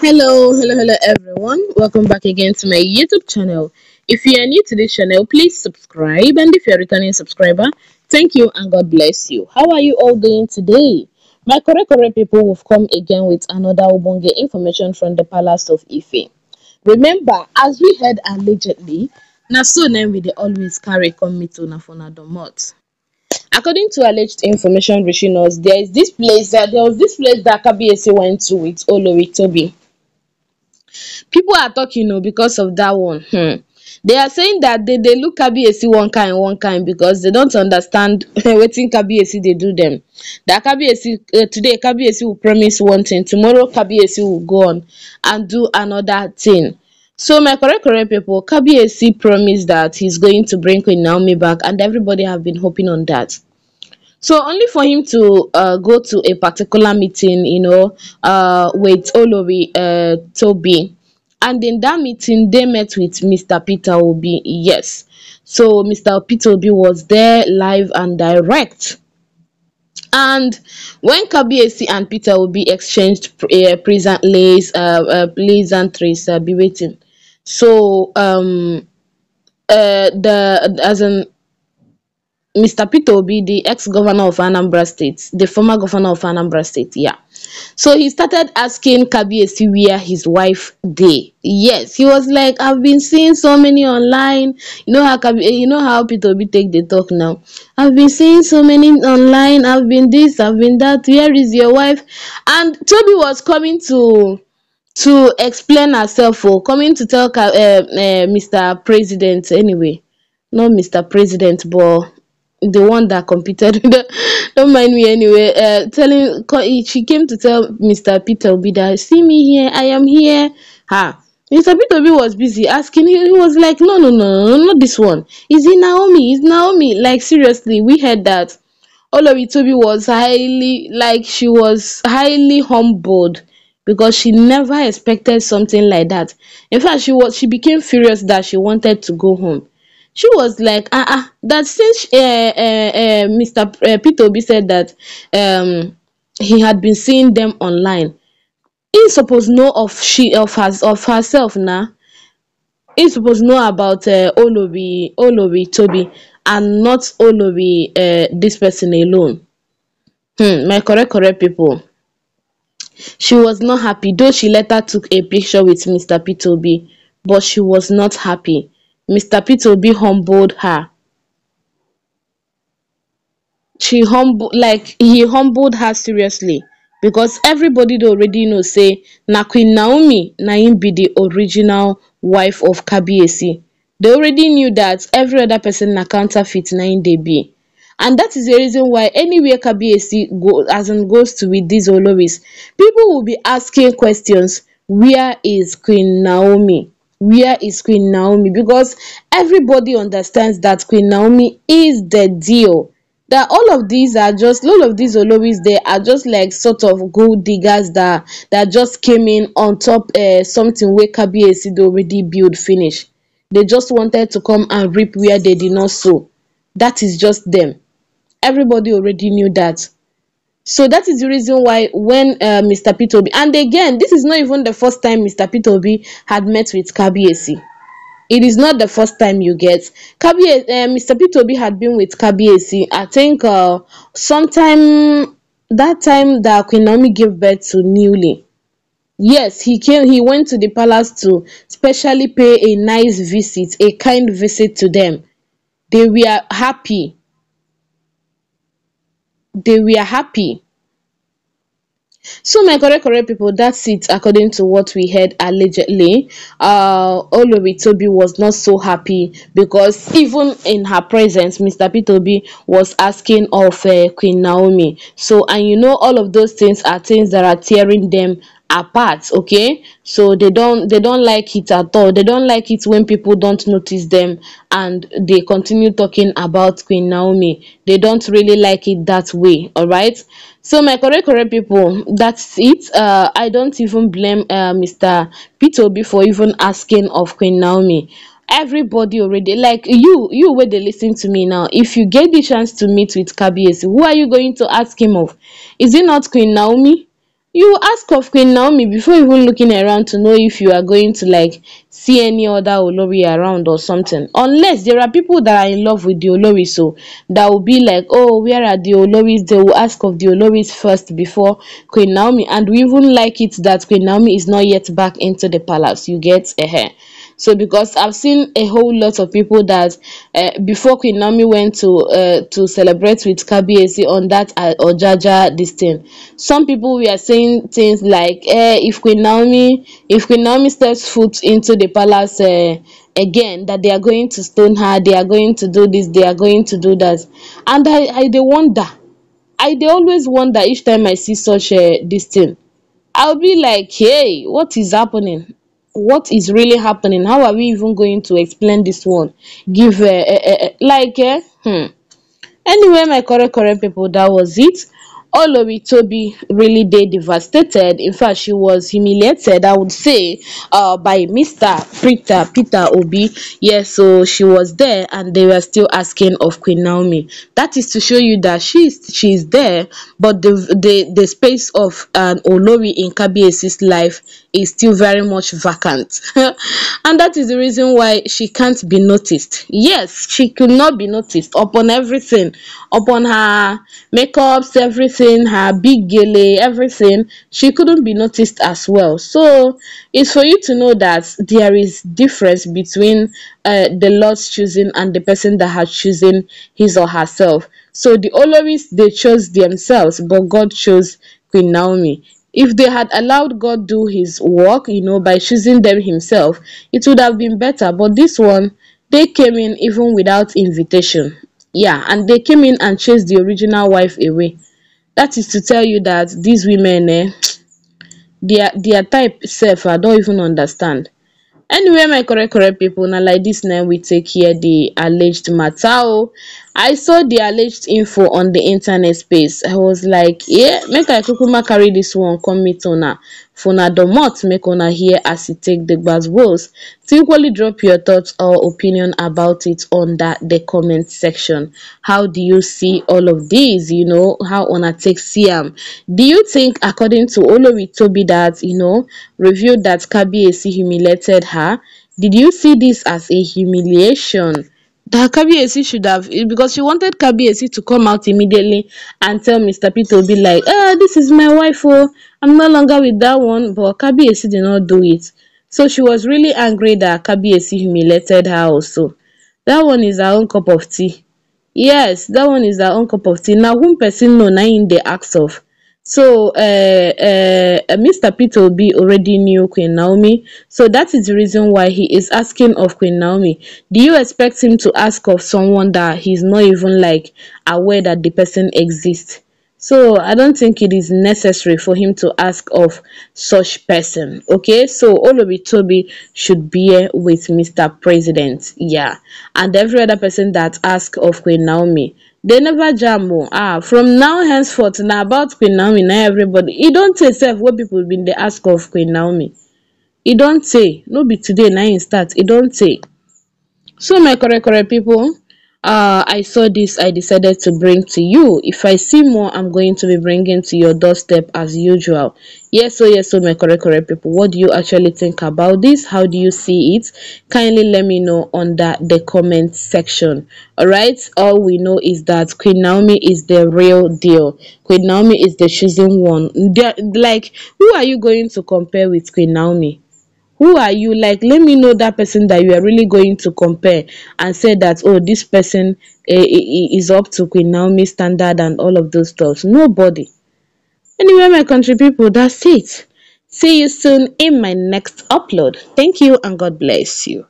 hello hello hello everyone welcome back again to my youtube channel if you are new to this channel please subscribe and if you're a returning subscriber thank you and god bless you how are you all doing today my correct correct people will come again with another ubonge information from the palace of ife remember as we heard allegedly now so then we they always carry come meet on for according to alleged information reaching us, there is this place that there was this place that KBSA went to with Olori Toby. People are talking, you know, because of that one. Hmm. They are saying that they, they look KBSC one kind, one kind because they don't understand what in KBSC they do them. That KBSC uh, eh, today KBSC will promise one thing, tomorrow KBSC will go on and do another thing. So my correct correct people, KBAC promised that he's going to bring Queen Naomi back and everybody have been hoping on that. So only for him to uh, go to a particular meeting, you know, uh, with Olori uh, Toby. And in that meeting, they met with Mr. Peter Obi. Yes. So Mr. Peter Obi was there live and direct. And when KBAC and Peter Obi exchanged uh, pleasant uh, uh, pleasantries, uh, be waiting so um uh the as in Mr. Peter Obi, the ex-governor of Anambra State, the former governor of Anambra State, yeah. So he started asking Kabiesi where his wife day. Yes, he was like, I've been seeing so many online. You know how Kabi, you know how Peter Obi take the talk now. I've been seeing so many online. I've been this. I've been that. Where is your wife? And Toby was coming to to explain herself for coming to tell eh, eh, mr president anyway not mr president but the one that competed don't mind me anyway uh telling she came to tell mr peter obi that see me here i am here ha mr peter obi was busy asking he, was like no no no no not this one is it naomi is naomi like seriously we heard that All of it. toby was highly like she was highly humbled because she never expected something like that. In fact, she was she became furious that she wanted to go home. She was like, ah, uh-uh, that since uh, uh, uh, Mr. Peter Obi said that um, he had been seeing them online, he supposed know of she of hers of herself now. Nah? He supposed know about uh, Olobi Olobi Toby and not Olobi uh, this person alone. Hmm, my correct correct people. She was not happy, though she later took a picture with Mr. b but she was not happy. Mr. b humbled her. She humbled, like, he humbled her seriously because everybody already know say na Queen Naomi na be the original wife of Kabiyesi. They already knew that every other person na counterfeit na they be. And that is the reason why anywhere KBAC go, as in goes to with these Oloris, people will be asking questions. Where is Queen Naomi? Where is Queen Naomi? Because everybody understands that Queen Naomi is the deal. That all of these are just all of these Oloris they are just like sort of gold diggers that that just came in on top uh, something where KBAC already build finish. They just wanted to come and reap where they did not sow. That is just them everybody already knew that. So that is the reason why when uh, Mr. Pitobi, and again, this is not even the first time Mr. Pitobi had met with Kabiesi. It is not the first time you get. Kabi, uh, Mr. Pitobi had been with Kabiesi, I think, uh, sometime that time that Queen Naomi gave birth to Newly. Yes, he came, he went to the palace to specially pay a nice visit, a kind visit to them. They were happy they were happy. So, my correct, correct people, that's it according to what we heard allegedly. Uh, Olori Toby was not so happy because even in her presence, Mr. P. Toby was asking of uh, Queen Naomi. So, and you know, all of those things are things that are tearing them apart okay so they don't they don't like it at all they don't like it when people don't notice them and they continue talking about queen naomi they don't really like it that way all right so my correct correct people that's it uh i don't even blame uh mr peter before even asking of queen naomi everybody already like you you where they listen to me now if you get the chance to meet with kbs who are you going to ask him of is it not queen naomi you ask of queen naomi before even looking around to know if you are going to like see any other olori around or something unless there are people that are in love with the olori so that will be like oh where are the oloris they will ask of the oloris first before queen naomi and we even like it that queen naomi is not yet back into the palace you get uh -huh. So because I've seen a whole lot of people that uh, before Queen Nami went to uh, to celebrate with KBAC on that uh, eh, jaja this thing, some people were saying things like, eh, if Queen Nami if Queen Nami steps foot into the palace uh, again, that they are going to stone her, they are going to do this, they are going to do that, and I I they wonder. I they always wonder each time I see such a uh, this thing. I'll be like, hey, what is happening? what is really happening how are we even going to explain this one give uh, uh, uh, like uh, hmm anyway my correct correct people that was it Olori really did devastated. In fact, she was humiliated, I would say, uh, by Mr. Peter, Peter Obi. Yes, so she was there and they were still asking of Queen Naomi. That is to show you that she's, she's there, but the, the, the space of an um, Olori in Kabiesi's life is still very much vacant. and that is the reason why she can't be noticed. Yes, she could not be noticed upon everything, upon her makeups, everything her big gele everything she couldn't be noticed as well so it's for you to know that there is difference between uh, the lord's choosing and the person that has chosen his or herself so the oloris they chose themselves but god chose queen naomi if they had allowed god do his work you know by choosing them himself it would have been better but this one they came in even without invitation yeah and they came in and chased the original wife away that is to tell you that these women eh their their type self, i don't even understand anyway my correct correct people, now like this, now we take here the alleged matao. Oh. I saw the alleged info on the internet space i was like yeah make i kukuma carry this one come meet una for una domot make una hear as e take the buzz gbasgbos tinquely drop your thoughts or opinion about it under the comment section how do you see all of these? you know how una take see do you think according to olori toby that you know revealed that kabiyesi humiliated her did you see this as a humiliation that Kabiyesi should have eh, because she wanted Kabiyesi to come out immediately and tell Mr. Peter be like ah this is my wife oh I'm no longer with that one, but Kabiesi did not do it. So she was really angry that Kabiesi humiliated her also. That one is her own cup of tea. Yes, that one is her own cup of tea. Now, one person know, now in the acts of. So, uh, eh, uh, eh, Mr. Peter B already knew Queen Naomi. So, that is the reason why he is asking of Queen Naomi. Do you expect him to ask of someone that he's not even like aware that the person exists? so i don't think it is necessary for him to ask of such person okay so olobi toby should be with mr president yeah and every other person that ask of queen naomi they never jamu oh. ah from now henceforth now about queen naomi now everybody don't say self what people been they ask of queen naomi don't say no be today now. im start don't say. so my correct correct people uh, I saw this, I decided to bring to you. If I see more, I'm going to be bringing to your doorstep as usual. Yes, so oh, yes, so oh, my correct, correct people, what do you actually think about this? How do you see it? Kindly let me know under the comment section. All right, all we know is that Queen Naomi is the real deal. Queen Naomi is the chosen one. They're, like, who are you going to compare with Queen Naomi? who are you like let me know that person that you are really going to compare and say that oh this person eh, is up to queen naomi standard and all of those stuff nobody anyway my country people that's it see you soon in my next upload thank you and god bless you